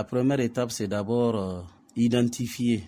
La première étape, c'est d'abord euh, identifier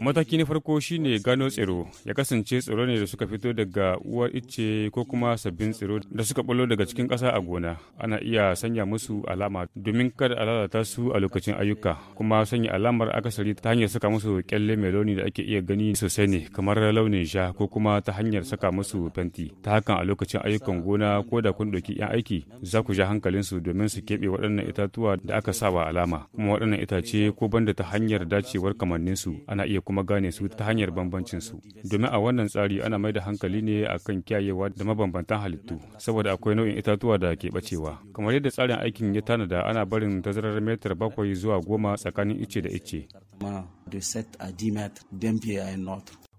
Mataki na farko shine gano tsiro, ya kasance tsiro ne da suka fito daga uwar icce ko kuma sabbin tsiro da suka bulo daga cikin ƙasa a gona. Ana iya sanya musu alama domin kada a lalata su a lokacin ayyuka, kuma sanya alamar akasari ta hanyar saka musu kyalle mai launi da ake iya gani sosai ne kamar launin sha ko kuma ta hanyar saka musu fenti. Ta hakan a lokacin ayyukan gona ko da kun ɗauki 'yan aiki za ku ja su domin su keɓe waɗannan itatuwa da aka sa wa alama, kuma waɗannan itace ko banda ta hanyar dacewar kamanninsu ana iya kuma gane su ta hanyar bambancin su domin a wannan tsari ana mai da hankali ne akan kiyayewa da mabambantan halittu saboda akwai nau'in itatuwa da ke bacewa kamar yadda tsarin aikin ya tanada ana barin tazarar metar bakwai zuwa goma tsakanin ice da ice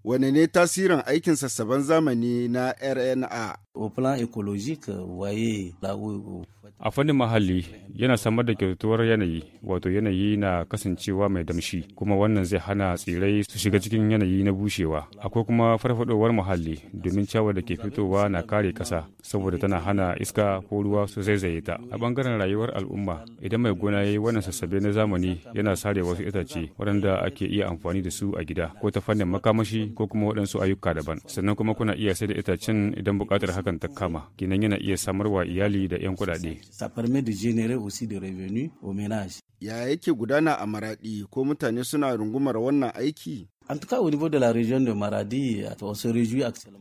wane ne tasirin aikin sassaben zamani na rna A fannin muhalli yana samar da kyautuwar yanayi wato yanayi na kasancewa mai damshi kuma wannan zai hana tsirai su shiga cikin yanayi na bushewa. Akwai kuma farfadowar muhalli domin ciyawar da ke fitowa na kare kasa saboda tana hana iska ko ruwa su zaizaye ta. A bangaren rayuwar al'umma idan mai gona ya wannan sassabe na zamani yana sare wasu itace waɗanda ake iya amfani da su a gida ko ta fannin makamashi ko kuma waɗansu ayyuka daban. Sannan kuma kuna iya sai da itacen idan buƙatar haka hakan kama kinan yana iya samarwa iyali da 'yan kuɗaɗe. Ya yake gudana a maraɗi ko mutane suna rungumar wannan aiki? an niveau de la région euh,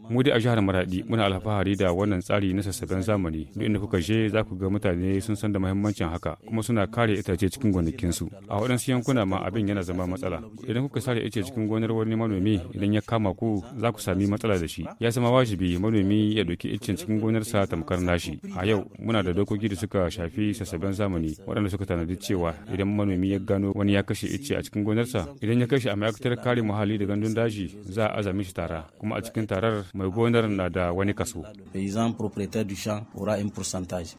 Mu dai a jihar Maradi muna alfahari da wannan tsari na sassaben zamani duk inda kuka je za ku ga mutane sun san da muhimmancin haka kuma suna kare itace cikin gonakinsu. A waɗansu yankuna ma abin yana zama matsala. Idan kuka sare ice cikin gonar wani manomi idan ya kama ku za ku sami matsala da shi. Ya zama wajibi manomi ya doki icen cikin gonarsa tamkar nashi. A yau muna da dokoki da suka shafi sassaben zamani waɗanda suka tanadi cewa idan manomi ya gano wani ya kashe ice a cikin gonarsa idan ya kashe a ma'aikatar kare muhalli da gandun daji za a azami shi tara kuma a cikin tarar mai gonar na da wani kaso. Paysan propriétaire du champ aura un pourcentage.